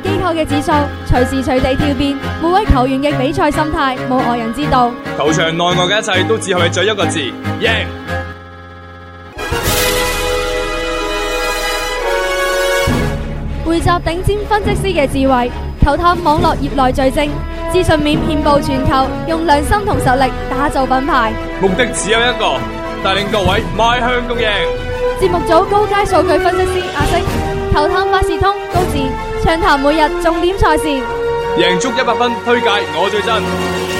機構嘅指數隨時隨地跳變，每位球員嘅比賽心態冇外人知道。球場內外嘅一切都只係為咗一個字：贏。匯集頂尖分析師嘅智慧，球探網絡業內最精，資訊面遍佈全球，用良心同實力打造品牌。目的只有一個，帶領各位邁向共贏。節目組高階數據分析師阿星，球探百事通高智。暢談每日重點賽事，贏足一百分，推介我最真，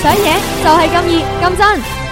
想贏就係咁熱咁真。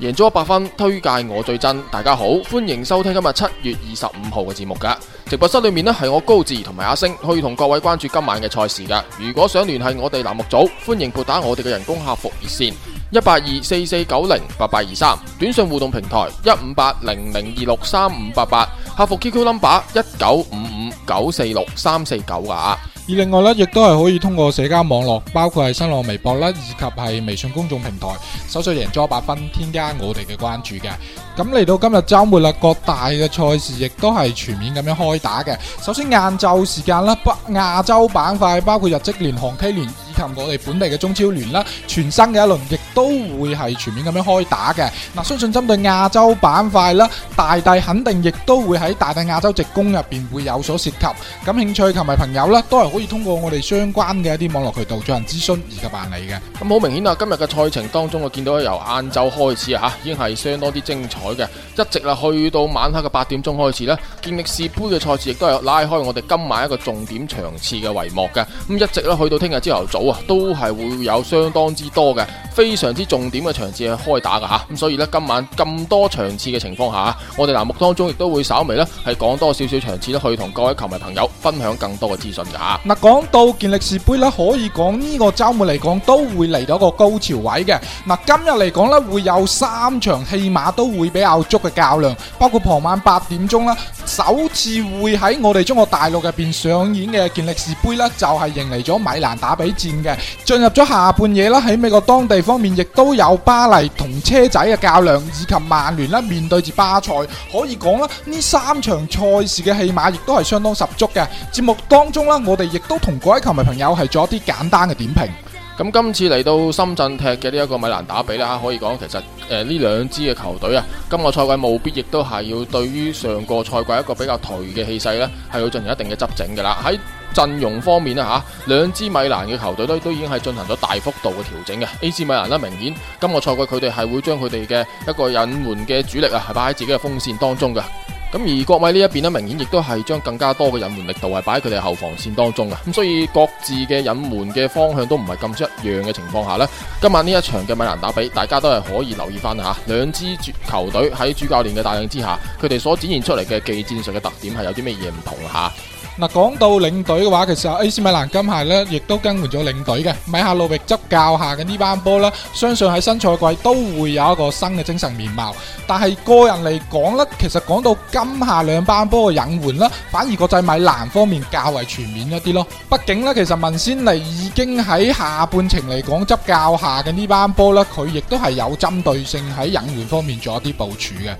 贏足 100FUN，推介我最真。大家好，歡迎收聽今日七月二十五號嘅節目噶。直播室裏面呢，係我高智同埋阿星，可以同各位關注今晚嘅賽事噶。如果想聯繫我哋欄目組，歡迎撥打我哋嘅人工客服熱線一八二四四九零八八二三，23, 短信互動平台一五八零零二六三五八八，88, 客服 QQ number 一九五五九四六三四九啊。而另外咧，亦都係可以通過社交網絡，包括係新浪微博啦，以及係微信公眾平台，搜索贏足 100FUN，添加我哋嘅關注嘅。咁嚟到今日週末啦，各大嘅賽事亦都係全面咁樣開打嘅。首先晏晝時間啦，亞洲板塊包括日職聯、韓 K 聯。我哋本地嘅中超聯啦，全新嘅一輪亦都會係全面咁樣開打嘅。嗱，相信針對亞洲板塊啦，大帝肯定亦都會喺大大亞洲直攻入邊會有所涉及。感興趣同埋朋友呢都係可以通過我哋相關嘅一啲網絡渠道進行諮詢，以及辦理嘅。咁好明顯啊，今日嘅賽程當中，我見到由晏晝開始啊，已經係相當之精彩嘅，一直啊去到晚黑嘅八點鐘開始咧，健力士杯嘅賽事亦都係拉開我哋今晚一個重點場次嘅帷幕嘅。咁一直咧去到聽日朝頭早。都係會有相當之多嘅非常之重點嘅場次去開打噶吓，咁所以呢今晚咁多場次嘅情況下，我哋欄目當中亦都會稍微呢係講多少少場次呢去同各位球迷朋友分享更多嘅資訊噶吓。嗱，講到健力士杯呢，可以講呢個周末嚟講都會嚟到一個高潮位嘅。嗱，今日嚟講呢會有三場戲碼都會比較足嘅較量，包括傍晚八點鐘啦，首次會喺我哋中國大陸入邊上演嘅健力士杯呢，就係迎嚟咗米蘭打比戰。嘅進入咗下半夜啦，喺美國當地方面亦都有巴黎同車仔嘅較量，以及曼聯啦面，面對住巴塞，可以講啦呢三場賽事嘅戲碼亦都係相當十足嘅。節目當中啦，我哋亦都同各位球迷朋友係做一啲簡單嘅點評。咁今次嚟到深圳踢嘅呢一個米蘭打比啦，可以講其實誒呢兩支嘅球隊啊，今個賽季務必亦都係要對於上個賽季一個比較頹嘅氣勢呢，係要進行一定嘅執整㗎啦。喺陣容方面呢，吓，兩支米蘭嘅球隊都都已經係進行咗大幅度嘅調整嘅。A 支米蘭咧，明顯今個賽季佢哋係會將佢哋嘅一個隱瞞嘅主力啊，係擺喺自己嘅鋒線當中嘅。咁而國米呢一邊明顯亦都係將更加多嘅隱瞞力度係擺喺佢哋後防線當中啊。咁所以各自嘅隱瞞嘅方向都唔係咁出一樣嘅情況下咧，今晚呢一場嘅米蘭打比，大家都係可以留意翻嚇，兩支球隊喺主教練嘅帶領之下，佢哋所展現出嚟嘅技戰術嘅特點係有啲咩嘢唔同嚇。嗱，講到領隊嘅話，其實 AC 米蘭今夏咧，亦都更換咗領隊嘅。米夏路域執教下嘅呢班波咧，相信喺新賽季都會有一個新嘅精神面貌。但係個人嚟講咧，其實講到今夏兩班波嘅引援啦，反而國際米蘭方面較為全面一啲咯。畢竟咧，其實文仙尼已經喺下半程嚟講執教下嘅呢班波咧，佢亦都係有針對性喺引援方面做一啲部署嘅。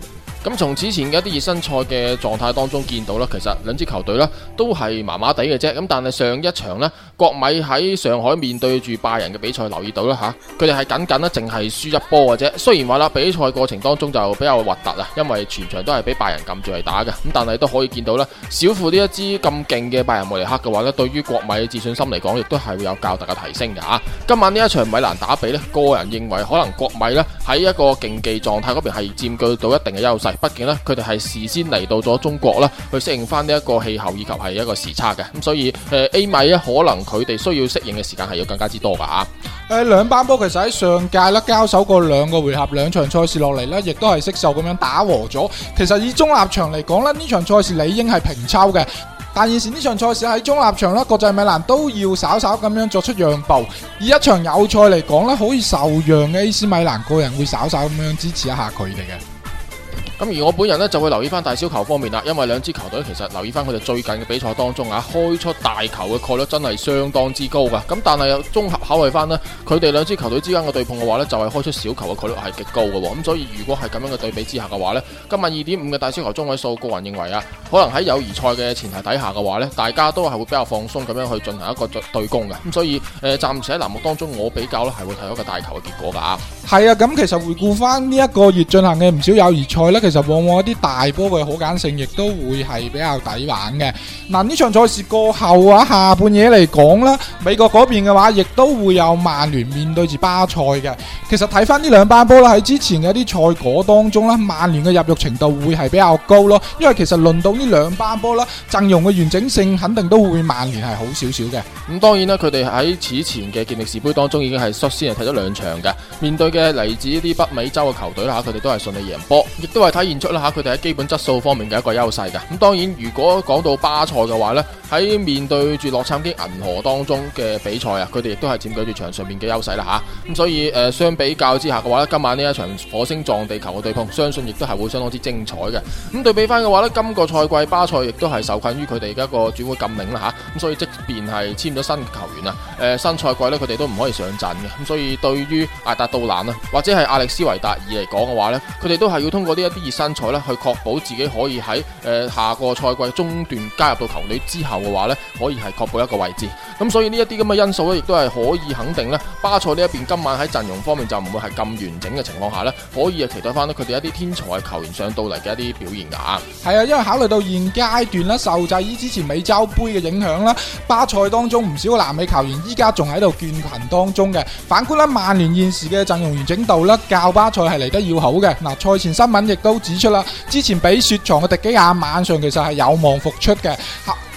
咁從此前嘅一啲熱身賽嘅狀態當中見到啦，其實兩支球隊呢都係麻麻地嘅啫。咁但係上一場呢，國米喺上海面對住拜仁嘅比賽，留意到啦吓，佢哋係僅僅咧淨係輸一波嘅啫。雖然話啦，比賽過程當中就比較核突啦，因為全場都係俾拜仁撳住嚟打嘅。咁但係都可以見到呢，小負呢一支咁勁嘅拜仁慕尼黑嘅話呢，對於國米嘅自信心嚟講，亦都係會有較大嘅提升嘅吓。今晚呢一場米蘭打比呢，個人認為可能國米呢喺一個競技狀態嗰邊係佔據到一定嘅優勢。畢竟咧，佢哋係事先嚟到咗中國啦，去適應翻呢一個氣候以及係一個時差嘅，咁、嗯、所以誒、呃、A 米咧可能佢哋需要適應嘅時間係要更加之多噶吓、啊。誒、呃，兩班波其實喺上屆咧交手過兩個回合，兩場賽事落嚟呢，亦都係悉數咁樣打和咗。其實以中立場嚟講咧，呢場賽事理應係平抽嘅，但現時呢場賽事喺中立場啦，國際米蘭都要稍稍咁樣作出讓步。以一場友賽嚟講咧，可以受讓嘅 AC 米蘭個人會稍稍咁樣支持一下佢哋嘅。咁而我本人呢，就會留意翻大小球方面啦，因為兩支球隊其實留意翻佢哋最近嘅比賽當中啊，開出大球嘅概率真係相當之高噶。咁但係又綜合考慮翻呢，佢哋兩支球隊之間嘅對碰嘅話呢，就係、是、開出小球嘅概率係極高嘅。咁所以如果係咁樣嘅對比之下嘅話呢，今日二點五嘅大小球中位數，個人認為啊，可能喺友誼賽嘅前提底下嘅話呢，大家都係會比較放鬆咁樣去進行一個對攻嘅。咁所以誒，暫、呃、時喺欄目當中，我比較呢係會睇到一個大球嘅結果噶。係啊，咁其實回顧翻呢一個月進行嘅唔少友誼賽呢其實往往一啲大波嘅可揀性亦都會係比較抵玩嘅。嗱呢場賽事過後啊，下半夜嚟講啦，美國嗰邊嘅話，亦都會有曼聯面對住巴塞嘅。其實睇翻呢兩班波啦，喺之前嘅一啲賽果當中啦，曼聯嘅入肉程度會係比較高咯。因為其實輪到呢兩班波啦，陣容嘅完整性肯定都會曼聯係好少少嘅。咁當然啦，佢哋喺此前嘅健力士杯當中已經係率先係睇咗兩場嘅，面對嘅嚟自呢啲北美洲嘅球隊啦，佢哋都係順利贏波，亦都係。體現出啦吓，佢哋喺基本質素方面嘅一個優勢嘅。咁當然，如果講到巴塞嘅話呢喺面對住洛杉磯銀河當中嘅比賽啊，佢哋亦都係佔據住場上面嘅優勢啦吓。咁所以誒、呃，相比較之下嘅話呢今晚呢一場火星撞地球嘅對碰，相信亦都係會相當之精彩嘅。咁對比翻嘅話呢今個賽季巴塞亦都係受困於佢哋嘅一個轉會禁令啦吓。咁、啊、所以即便係簽咗新球員啊，誒、呃、新賽季呢，佢哋都唔可以上陣嘅。咁所以對於阿達杜蘭啊，或者係阿歷斯維達爾嚟講嘅話呢佢哋都係要通過呢一啲。身材咧，去確保自己可以喺誒下個賽季中段加入到球隊之後嘅話咧，可以係確保一個位置。咁所以呢一啲咁嘅因素咧，亦都係可以肯定呢，巴塞呢一邊今晚喺陣容方面就唔會係咁完整嘅情況下呢，可以啊期待翻到佢哋一啲天才球員上到嚟嘅一啲表現噶係啊，因為考慮到現階段呢受制於之前美洲杯嘅影響啦，巴塞當中唔少個南美球員依家仲喺度倦勤當中嘅。反觀啦，曼聯現時嘅陣容完整度啦，較巴塞係嚟得要好嘅。嗱，賽前新聞亦都指出啦，之前俾雪藏嘅迪基亞晚上其實係有望復出嘅。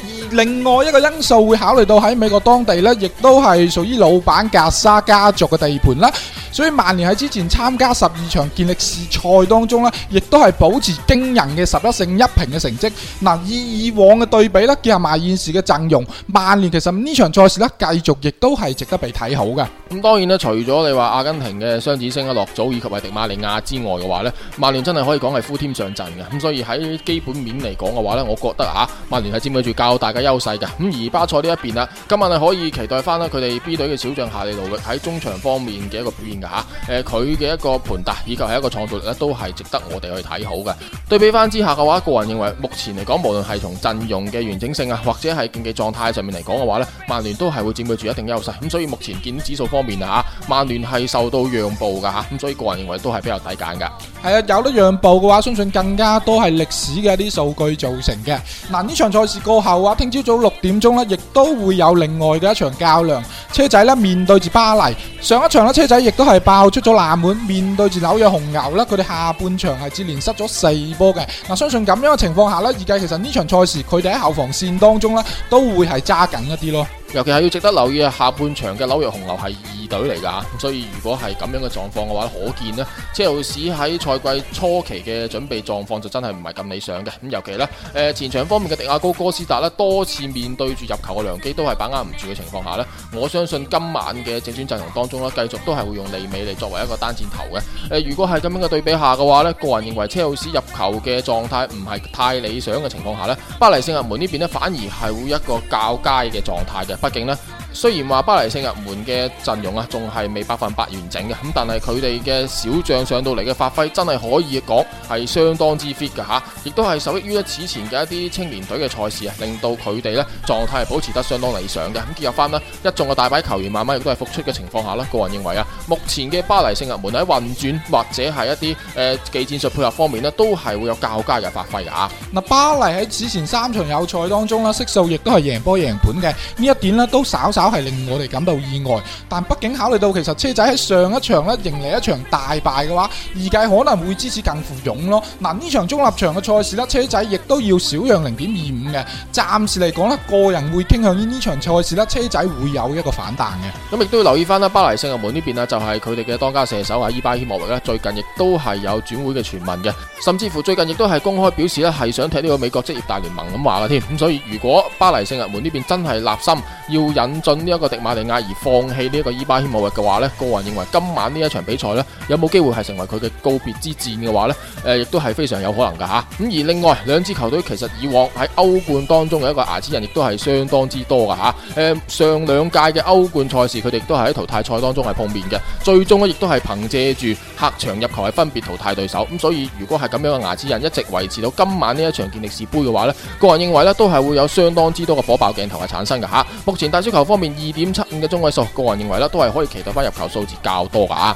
而另外一個因素會考慮到喺美國當地咧，亦都係屬於老闆格沙家族嘅地盤啦。所以曼聯喺之前參加十二場健力士賽當中呢，亦都係保持驚人嘅十一勝一平嘅成績。嗱、啊，以以往嘅對比呢，結合埋現時嘅陣容，曼聯其實呢場賽事呢繼續亦都係值得被睇好嘅。咁當然啦，除咗你話阿根廷嘅雙子星嘅洛祖，以及係迪馬利亞之外嘅話呢，曼聯真係可以講係呼天上陣嘅。咁所以喺基本面嚟講嘅話呢我覺得啊，曼聯係佔據住較大嘅優勢㗎。咁而巴塞呢一邊啦，今日係可以期待翻啦佢哋 B 隊嘅小將夏利路嘅喺中場方面嘅一個表現。吓，誒佢嘅一個盤帶以及係一個創造力咧，都係值得我哋去睇好嘅。對比翻之下嘅話，個人認為目前嚟講，無論係從陣容嘅完整性啊，或者係競技狀態上面嚟講嘅話咧，曼聯都係會佔據住一定優勢。咁所以目前見指數方面啊，吓曼聯係受到讓步嘅吓，咁所以個人認為都係比較抵揀嘅。係啊，有得讓步嘅話，相信更加多係歷史嘅一啲數據造成嘅。嗱、啊、呢場賽事過後啊，聽朝早六點鐘呢，亦都會有另外嘅一場較量。車仔呢面對住巴黎，上一場咧車仔亦都係。係爆出咗冷門，面對住紐約紅牛咧，佢哋下半場係接連失咗四波嘅。嗱，相信咁樣嘅情況下咧，預計其實呢場賽事佢哋喺後防線當中咧都會係揸緊一啲咯，尤其係要值得留意啊。下半場嘅紐約紅牛係。隊嚟噶，所以如果係咁樣嘅狀況嘅話，可見呢，車路士喺賽季初期嘅準備狀況就真係唔係咁理想嘅。咁尤其呢，誒、呃、前場方面嘅迪亞高哥斯達呢，多次面對住入球嘅良機，都係把握唔住嘅情況下呢。我相信今晚嘅正選陣容當中呢，繼續都係會用利美嚟作為一個單箭頭嘅。誒、呃，如果係咁樣嘅對比下嘅話呢，個人認為車路士入球嘅狀態唔係太理想嘅情況下呢，巴黎聖日門呢邊呢，反而係會一個較佳嘅狀態嘅，畢竟呢。雖然話巴黎聖日門嘅陣容啊，仲係未百分百完整嘅，咁但係佢哋嘅小將上到嚟嘅發揮，真係可以講係相當之 fit 噶吓，亦都係受益於此前嘅一啲青年隊嘅賽事啊，令到佢哋咧狀態係保持得相當理想嘅。咁結合翻啦，一眾嘅大牌球員慢慢亦都係復出嘅情況下啦，個人認為啊，目前嘅巴黎聖日門喺運轉或者係一啲誒、呃、技戰術配合方面咧，都係會有較佳嘅發揮啊。嗱，巴黎喺此前三場有賽當中啦，悉數亦都係贏波贏盤嘅，呢一點咧都稍係令我哋感到意外，但畢竟考慮到其實車仔喺上一場咧，迎嚟一場大敗嘅話，二界可能會支持更富勇咯。嗱、啊，呢場中立場嘅賽事咧，車仔亦都要少讓零點二五嘅。暫時嚟講咧，個人會傾向於呢場賽事咧，車仔會有一個反彈嘅。咁亦都要留意翻啦，巴黎聖日門呢邊啊，就係佢哋嘅當家射手啊伊巴希莫維最近亦都係有轉會嘅傳聞嘅，甚至乎最近亦都係公開表示咧，係想踢呢個美國職業大聯盟咁話嘅添。咁所以如果巴黎聖日門呢邊真係立心。要引進呢一個迪馬利亞而放棄呢一個伊巴希姆域嘅話呢，個人認為今晚呢一場比賽呢，有冇機會係成為佢嘅告別之戰嘅話呢？誒亦都係非常有可能噶吓。咁而另外兩支球隊其實以往喺歐冠當中嘅一個牙齒人亦都係相當之多噶吓。誒、嗯、上兩屆嘅歐冠賽事佢哋都係喺淘汰賽當中係碰面嘅，最終呢亦都係憑借住客場入球係分別淘汰對手。咁所以如果係咁樣嘅牙齒人一直維持到今晚呢一場健力士杯嘅話呢，個人認為呢，都係會有相當之多嘅火爆鏡頭係產生嘅吓。前大輸球方面，二點七五嘅中位數，個人認為咧都係可以期待翻入球數字較多噶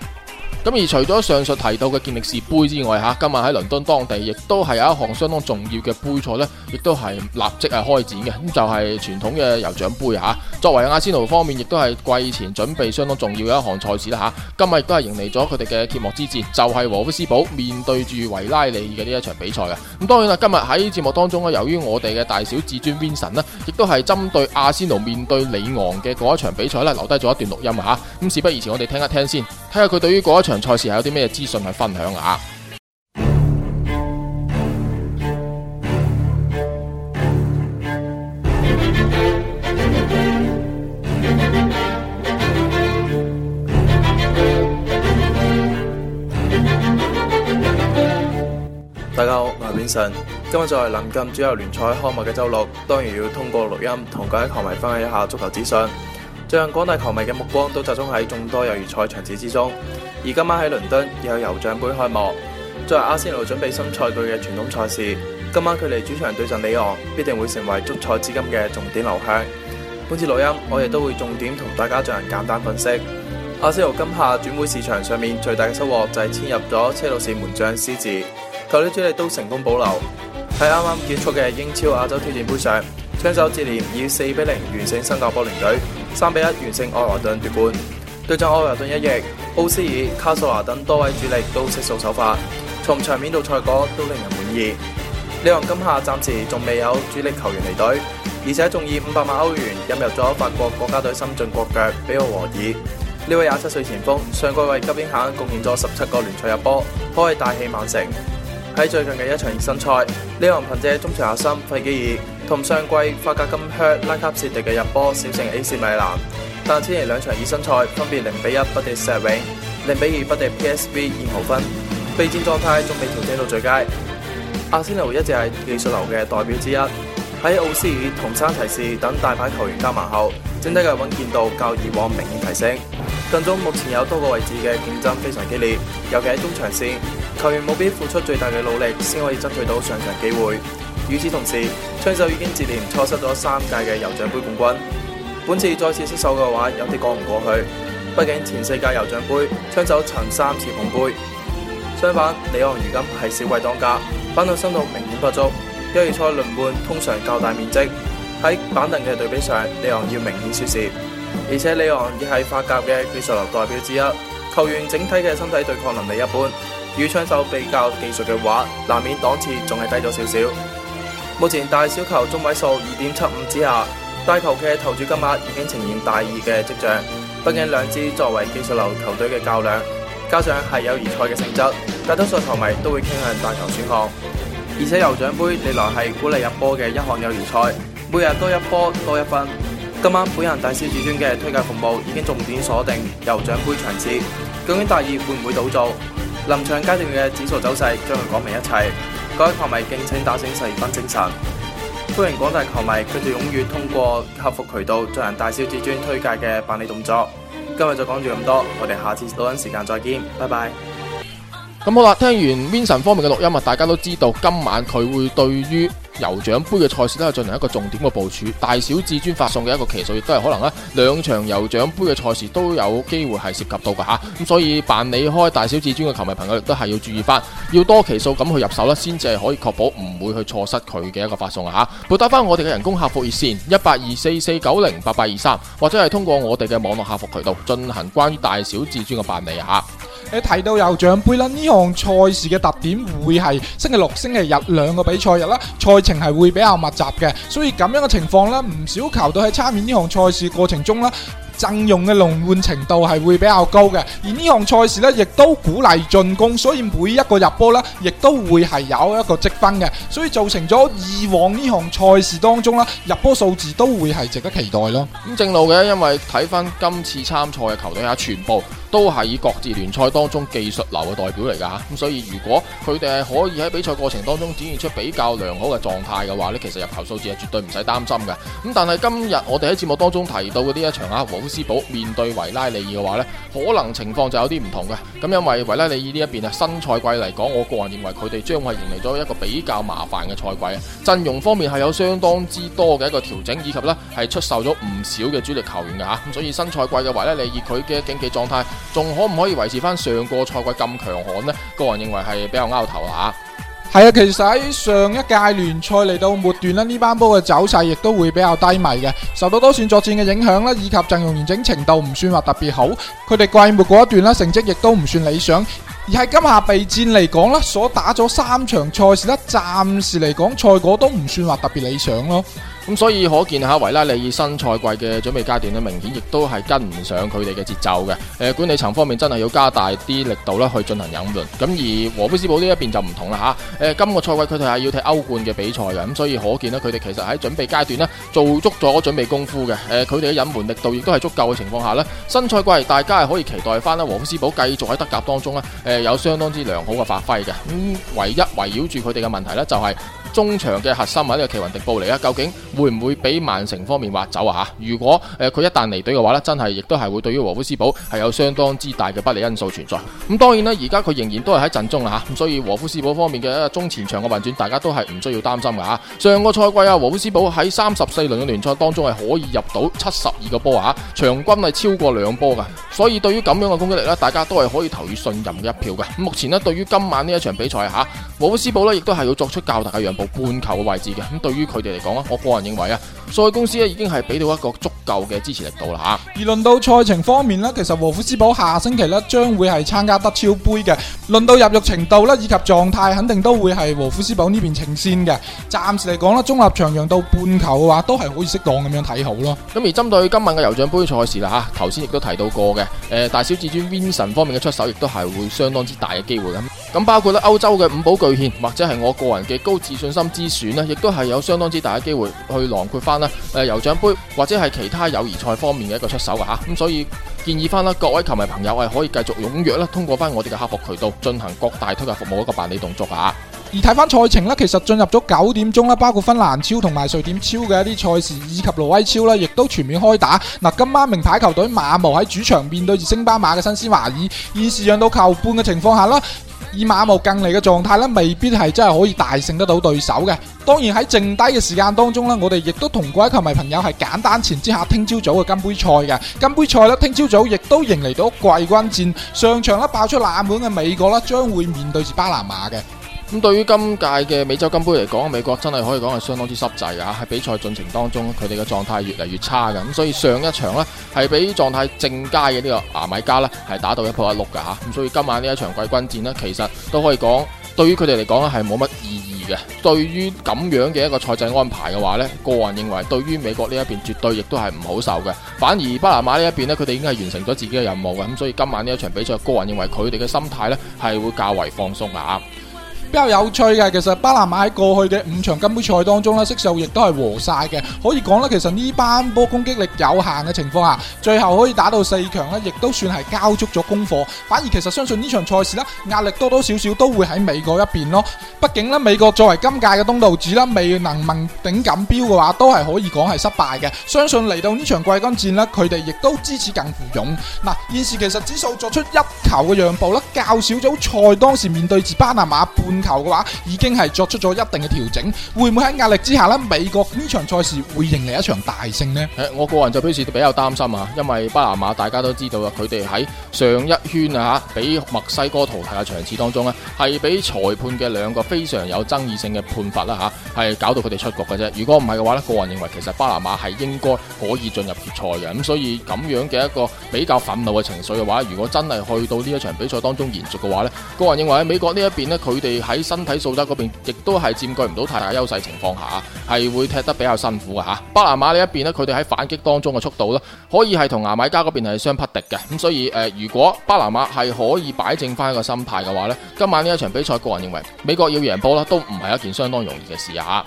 咁而除咗上述提到嘅健力士杯之外，吓，今日喺倫敦當地亦都係有一項相當重要嘅杯賽咧，亦都係立即係開展嘅，咁就係傳統嘅酋長杯啊，吓。作為阿仙奴方面，亦都係季前準備相當重要嘅一項賽事啦，吓。今日亦都係迎嚟咗佢哋嘅揭幕之戰，就係和夫斯堡面對住維拉利嘅呢一場比賽嘅。咁當然啦，今日喺節目當中咧，由於我哋嘅大小至尊 Vincent 咧，亦都係針對阿仙奴面對里昂嘅嗰一場比賽咧，留低咗一段錄音吓。咁事不宜遲，我哋聽一聽先，睇下佢對於嗰一場。場賽事有啲咩資訊去分享啊？大家好，我係 Vincent，今日在臨近主流聯賽開幕嘅周六，當然要通過錄音同各位球迷分享一下足球資訊。將廣大球迷嘅目光都集中喺眾多友誼賽場子之中，而今晚喺倫敦又有酋長杯開幕。作為阿仙奴準備新賽季嘅傳統賽事，今晚佢哋主場對陣里昂，必定會成為足彩資金嘅重點流向。本次錄音我亦都會重點同大家進行簡單分析。阿仙奴今夏轉會市場上面最大嘅收穫就係簽入咗車路士門將施治，球隊主力都成功保留。喺啱啱結束嘅英超亞洲挑戰杯上，槍手之年以四比零完勝新加坡聯隊。三比一完勝愛華頓奪冠，對陣愛華頓一役，奧斯爾、卡索拉等多位主力都悉數首發，從場面到賽果都令人滿意。利昂今夏暫時仲未有主力球員離隊，而且仲以五百萬歐元引入咗法國國家隊新晉國腳比奧和爾。呢位廿七歲前鋒上季為吉邊肯貢獻咗十七個聯賽入波，可謂大器晚成。喺最近嘅一場熱身賽，利昂憑借中場核心費基爾。同上季法甲金靴拉卡切蒂嘅入波小勝 AC 米蘭，但此前兩場熱身賽分別零比一不敵石永，零比二不敵 PSV 燕豪分，備戰狀態仲未調整到最佳。阿仙奴一直係技術流嘅代表之一，喺奧斯爾同山提士等大牌球員加盟後，整體嘅穩健度較以往明顯提升。近中目前有多個位置嘅競爭非常激烈，尤其喺中場線，球員冇必付出最大嘅努力先可以爭取到上場機會。與此同時，槍手已經接連錯失咗三屆嘅酋長杯冠軍，本次再次失手嘅話有啲講唔過去。畢竟前四屆酋長杯，槍手曾三次捧杯。相反，里昂如今係小鬼當家，反到深度明顯不足。因為賽輪換通常較大面積，喺板凳嘅對比上，里昂要明顯輸蝕。而且里昂亦係法甲嘅技術流代表之一，球員整體嘅身體對抗能力一般，與槍手比較技術嘅話，難免檔次仲係低咗少少。目前大小球中位數二點七五之下，大球嘅投注金額已經呈現大二嘅跡象。畢竟兩支作為技術流球隊嘅較量，加上係友誼賽嘅性質，大多數球迷都會傾向大球選項。而且酋長杯歷來係鼓勵入波嘅一項友誼賽，每日多一波多一分。今晚本人大小至尊嘅推介服務已經重點鎖定酋長杯場次，究竟大二會唔會倒灶？臨場階段嘅指數走勢將會講明一切。各位球迷，敬請打醒十二分精神。歡迎廣大球迷佢哋踴躍通過客服渠道進行大小至尊推介嘅辦理動作。今日就講住咁多，我哋下次錄音時間再見，拜拜。咁好啦，聽完 Vincent 方面嘅錄音啊，大家都知道今晚佢會對於油獎杯嘅賽事都係進行一個重點嘅部署，大小至尊發送嘅一個期數亦都係可能咧，兩場酋長杯嘅賽事都有機會係涉及到嘅吓，咁所以辦理開大小至尊嘅球迷朋友亦都係要注意翻，要多期數咁去入手啦，先至係可以確保唔會去錯失佢嘅一個發送啊吓！撥打翻我哋嘅人工客服熱線一八二四四九零八八二三，4 4 23, 或者係通過我哋嘅網絡客服渠道進行關於大小至尊嘅辦理吓。啊你提到酋長杯啦，呢項賽事嘅特點會係星期六、星期日兩個比賽日啦，賽程係會比較密集嘅，所以咁樣嘅情況呢，唔少球隊喺參與呢項賽事的過程中呢，陣容嘅輪換程度係會比較高嘅，而呢項賽事呢，亦都鼓勵進攻，所以每一個入波呢，亦都會係有一個積分嘅，所以造成咗以往呢項賽事當中啦，入波數字都會係值得期待咯。咁正路嘅，因為睇翻今次參賽嘅球隊啊，全部。都係以各自聯賽當中技術流嘅代表嚟噶吓，咁所以如果佢哋係可以喺比賽過程當中展現出比較良好嘅狀態嘅話呢，其實入球數字係絕對唔使擔心嘅。咁但係今日我哋喺節目當中提到嘅呢一場啊，沃夫斯堡面對維拉利爾嘅話呢，可能情況就有啲唔同嘅。咁因為維拉利爾呢一邊啊，新賽季嚟講，我個人認為佢哋將會迎嚟咗一個比較麻煩嘅賽季啊。陣容方面係有相當之多嘅一個調整，以及呢係出售咗唔少嘅主力球員嘅吓。咁所以新賽季嘅維拉利爾，佢嘅競技狀態。仲可唔可以維持翻上個賽季咁強悍呢？個人認為係比較拗頭啦。係啊，其實喺上一屆聯賽嚟到末段呢，呢班波嘅走勢亦都會比較低迷嘅。受到多綫作戰嘅影響啦，以及陣容完整程度唔算話特別好，佢哋季末嗰一段啦，成績亦都唔算理想。而係今夏備戰嚟講啦，所打咗三場賽事呢，暫時嚟講賽果都唔算話特別理想咯。咁所以可見嚇，維拉利爾新賽季嘅準備階段咧，明顯亦都係跟唔上佢哋嘅節奏嘅。誒，管理層方面真係要加大啲力度啦去進行隱瞞。咁而和夫斯堡呢一邊就唔同啦嚇。誒，今個賽季佢哋係要睇歐冠嘅比賽嘅。咁所以可見咧，佢哋其實喺準備階段咧，做足咗準備功夫嘅。誒，佢哋嘅隱瞞力度亦都係足夠嘅情況下咧，新賽季大家係可以期待翻啦，和夫斯堡繼續喺德甲當中咧，誒有相當之良好嘅發揮嘅。咁唯一圍繞住佢哋嘅問題呢，就係、是。中場嘅核心啊，呢個奇雲迪布尼啊，究竟會唔會俾曼城方面挖走啊？嚇，如果誒佢一旦離隊嘅話咧，真係亦都係會對於和夫斯堡係有相當之大嘅不利因素存在。咁當然啦，而家佢仍然都係喺陣中啊，嚇，咁所以和夫斯堡方面嘅一個中前場嘅運轉，大家都係唔需要擔心嘅啊。上個賽季啊，和夫斯堡喺三十四輪嘅聯賽當中係可以入到七十二個波啊，場均係超過兩波嘅，所以對於咁樣嘅攻擊力咧，大家都係可以投以信任嘅一票嘅。目前咧，對於今晚呢一場比賽啊，和夫斯堡咧亦都係要作出較大嘅讓步。半球嘅位置嘅，咁對於佢哋嚟講啊，我個人認為啊，賽公司咧已經係俾到一個足夠嘅支持力度啦，吓。而輪到賽程方面咧，其實和夫斯堡下星期咧將會係參加德超杯嘅。輪到入獄程度咧以及狀態，肯定都會係和夫斯堡呢邊呈現嘅。暫時嚟講咧，綜合長陽到半球嘅話，都係可以適當咁樣睇好咯。咁而針對今晚嘅酋長杯賽事啦，吓，頭先亦都提到過嘅，誒，大小至尊 Vincent 方面嘅出手亦都係會相當之大嘅機會咁。咁包括咧歐洲嘅五寶巨獻，或者係我個人嘅高智商。心之選呢，亦都係有相當之大嘅機會去囊括翻啦。誒，酋長杯或者係其他友誼賽方面嘅一個出手嘅吓。咁所以建議翻啦，各位球迷朋友係可以繼續踴躍啦，通過翻我哋嘅客服渠道進行各大推介服務一個辦理動作啊。而睇翻賽程呢，其實進入咗九點鐘啦，包括芬蘭超同埋瑞典超嘅一啲賽事，以及挪威超呢，亦都全面開打。嗱，今晚名牌球隊馬毛喺主場面對住星巴馬嘅新斯華爾，現時讓到球半嘅情況下啦。以馬冇近嚟嘅狀態咧，未必係真係可以大勝得到對手嘅。當然喺剩低嘅時間當中咧，我哋亦都同各位球迷朋友係簡單前瞻下聽朝早嘅金杯賽嘅。金杯賽咧，聽朝早亦都迎嚟到季軍戰，上場咧爆出冷門嘅美國咧，將會面對住巴拿馬嘅。咁，對於今屆嘅美洲金杯嚟講，美國真係可以講係相當之濕滯啊！喺比賽進程當中，佢哋嘅狀態越嚟越差咁，所以上一場呢，係比狀態正佳嘅呢個牙米加呢，係打到一破一碌㗎。咁所以今晚呢一場季軍戰呢，其實都可以講對於佢哋嚟講呢係冇乜意義嘅。對於咁樣嘅一個賽制安排嘅話呢，個人認為對於美國呢一邊絕對亦都係唔好受嘅。反而巴拿馬呢一邊呢，佢哋已經係完成咗自己嘅任務嘅咁，所以今晚呢一場比賽，個人認為佢哋嘅心態呢，係會較為放鬆啊。比較有趣嘅，其實巴拿馬喺過去嘅五場金杯賽當中啦，色數亦都係和晒嘅，可以講啦，其實呢班波攻擊力有限嘅情況下，最後可以打到四強咧，亦都算係交足咗功課。反而其實相信呢場賽事啦，壓力多多少少都會喺美國一邊咯。畢竟咧，美國作為今屆嘅東道主啦，未能問鼎錦標嘅話，都係可以講係失敗嘅。相信嚟到呢場季軍戰咧，佢哋亦都支持近乎勇。嗱，現時其實指數作出一球嘅讓步啦，較小組賽當時面對住巴拿馬半。球嘅話，已經係作出咗一定嘅調整，會唔會喺壓力之下呢，美國呢場賽事會迎來一場大勝呢？誒、欸，我個人就表示比較擔心啊，因為巴拿馬大家都知道啊，佢哋喺上一圈啊，俾墨西哥淘汰嘅場次當中咧，係俾裁判嘅兩個非常有爭議性嘅判罰啦，吓、啊、係搞到佢哋出局嘅啫。如果唔係嘅話呢，個人認為其實巴拿馬係應該可以進入決賽嘅。咁所以咁樣嘅一個比較憤怒嘅情緒嘅話，如果真係去到呢一場比賽當中延續嘅話呢，個人認為喺美國呢一邊呢，佢哋。喺身體素質嗰邊，亦都係佔據唔到太大優勢情況下，係會踢得比較辛苦嘅吓。巴拿馬呢一邊咧，佢哋喺反擊當中嘅速度咧，可以係同牙買加嗰邊係相匹敵嘅。咁所以誒、呃，如果巴拿馬係可以擺正翻一個心態嘅話咧，今晚呢一場比賽，個人認為美國要贏波啦，都唔係一件相當容易嘅事啊。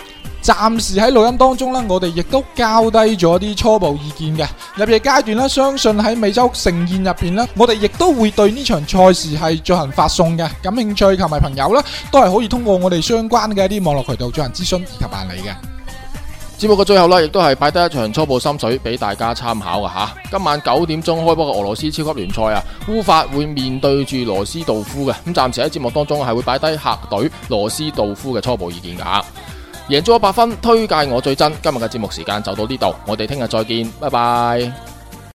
暫時喺錄音當中呢，我哋亦都交低咗啲初步意見嘅入邊階段啦，相信喺美洲盛宴入邊呢，我哋亦都會對呢場賽事係進行發送嘅。感興趣同埋朋友呢都係可以通過我哋相關嘅一啲網絡渠道進行諮詢以及辦理嘅。節目嘅最後呢亦都係擺低一場初步心水俾大家參考嘅吓。今晚九點鐘開波嘅俄羅斯超級聯賽啊，烏法會面對住羅斯道夫嘅。咁暫時喺節目當中係會擺低客隊羅斯道夫嘅初步意見噶。贏足 100FUN，推介我最真。今日嘅節目時間就到呢度，我哋聽日再見，拜拜。